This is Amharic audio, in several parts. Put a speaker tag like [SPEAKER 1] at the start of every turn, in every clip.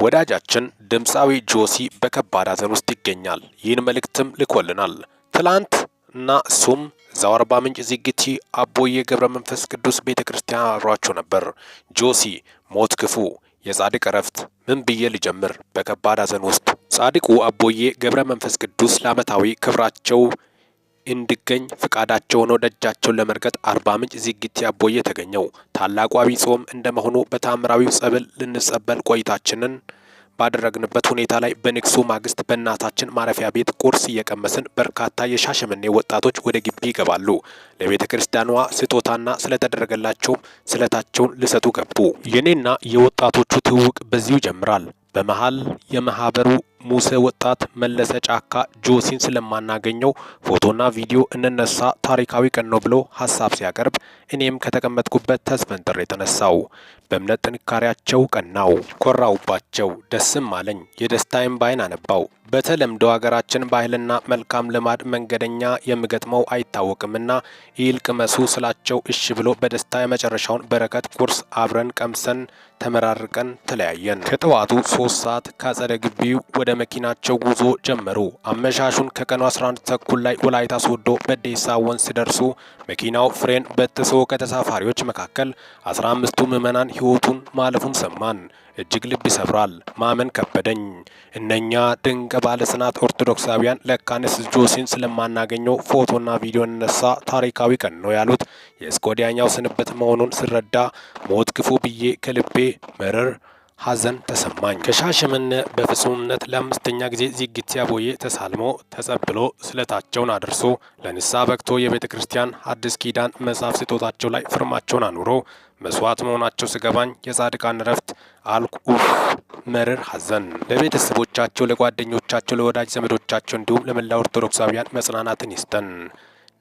[SPEAKER 1] ወዳጃችን ድምፃዊ ጆሲ በከባድ ሐዘን ውስጥ ይገኛል። ይህን መልእክትም ልኮልናል። ትላንት እና እሱም እዛው አርባ ምንጭ ዚግቲ አቦዬ ገብረ መንፈስ ቅዱስ ቤተ ክርስቲያን አብሯቸው ነበር። ጆሲ ሞት ክፉ የጻድቅ እረፍት ምን ብዬ ልጀምር? በከባድ ሐዘን ውስጥ ጻድቁ አቦዬ ገብረ መንፈስ ቅዱስ ለዓመታዊ ክብራቸው እንዲገኝ ፍቃዳቸውን ሆኖ ደጃቸውን ለመርገጥ አርባ ምንጭ ዝግቲ አቦየ ተገኘው። ታላቁ አብይ ጾም እንደመሆኑ በታምራዊው ጸበል ልንጸበል ቆይታችንን ባደረግንበት ሁኔታ ላይ በንግሱ ማግስት በእናታችን ማረፊያ ቤት ቁርስ እየቀመስን በርካታ የሻሸመኔ ወጣቶች ወደ ግቢ ይገባሉ። ለቤተ ክርስቲያኗ ስጦታና ስለተደረገላቸውም ስለታቸውን ልሰጡ ገቡ። የኔና የወጣቶቹ ትውውቅ በዚሁ ይጀምራል። በመሃል የማህበሩ ሙሴ ወጣት መለሰ ጫካ ጆሲን ስለማናገኘው ፎቶና ቪዲዮ እንነሳ ታሪካዊ ቀን ነው ብሎ ሀሳብ ሲያቀርብ እኔም ከተቀመጥኩበት ተስፈንጥሬ የተነሳው በእምነት ጥንካሬያቸው ቀናው። ኮራውባቸው፣ ደስም አለኝ። የደስታዬም ባይን አነባው። በተለምዶ ሀገራችን ባህልና መልካም ልማድ መንገደኛ የሚገጥመው አይታወቅምና ይልቅ መሱ ስላቸው እሺ ብሎ በደስታ የመጨረሻውን በረከት ቁርስ አብረን ቀምሰን ተመራርቀን ተለያየን። ከጠዋቱ ሶስት ሰዓት ከአጸደ ግቢው ወደ መኪናቸው ጉዞ ጀመሩ። አመሻሹን ከቀኑ 11 ተኩል ላይ ወላይታ ሶዶ በዴሳ ወንዝ ሲደርሱ መኪናው ፍሬን በጥሶ ከተሳፋሪዎች መካከል 15ቱ ምዕመናን ሕይወቱን ማለፉን ሰማን። እጅግ ልብ ይሰብራል። ማመን ከበደኝ። እነኛ ድንቅ ባለስናት ኦርቶዶክሳውያን ለካንስ ጆሲን ስለማናገኘው ፎቶና ቪዲዮ እነሳ ታሪካዊ ቀን ነው ያሉት የእስከ ስንበት መሆኑን ስረዳ ሞት ክፉ ብዬ ከልቤ መረር ሀዘን ተሰማኝ። ከሻሸመኔ በፍጹምነት ለአምስተኛ ጊዜ ዚግት ያቦዬ ተሳልሞ ተጸብሎ ስለታቸውን አድርሶ ለንሳ በቅቶ የቤተ ክርስቲያን አዲስ ኪዳን መጽሐፍ ስጦታቸው ላይ ፍርማቸውን አኑሮ መስዋዕት መሆናቸው ስገባኝ የጻድቃን ረፍት አልኩ። ኡፍ መርር ሀዘን ለቤተሰቦቻቸው፣ ለጓደኞቻቸው፣ ለወዳጅ ዘመዶቻቸው እንዲሁም ለመላ ኦርቶዶክሳውያን መጽናናትን ይስጠን።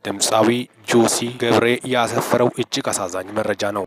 [SPEAKER 1] ድምፃዊ ጆሲ ገብሬ ያሰፈረው እጅግ አሳዛኝ መረጃ ነው።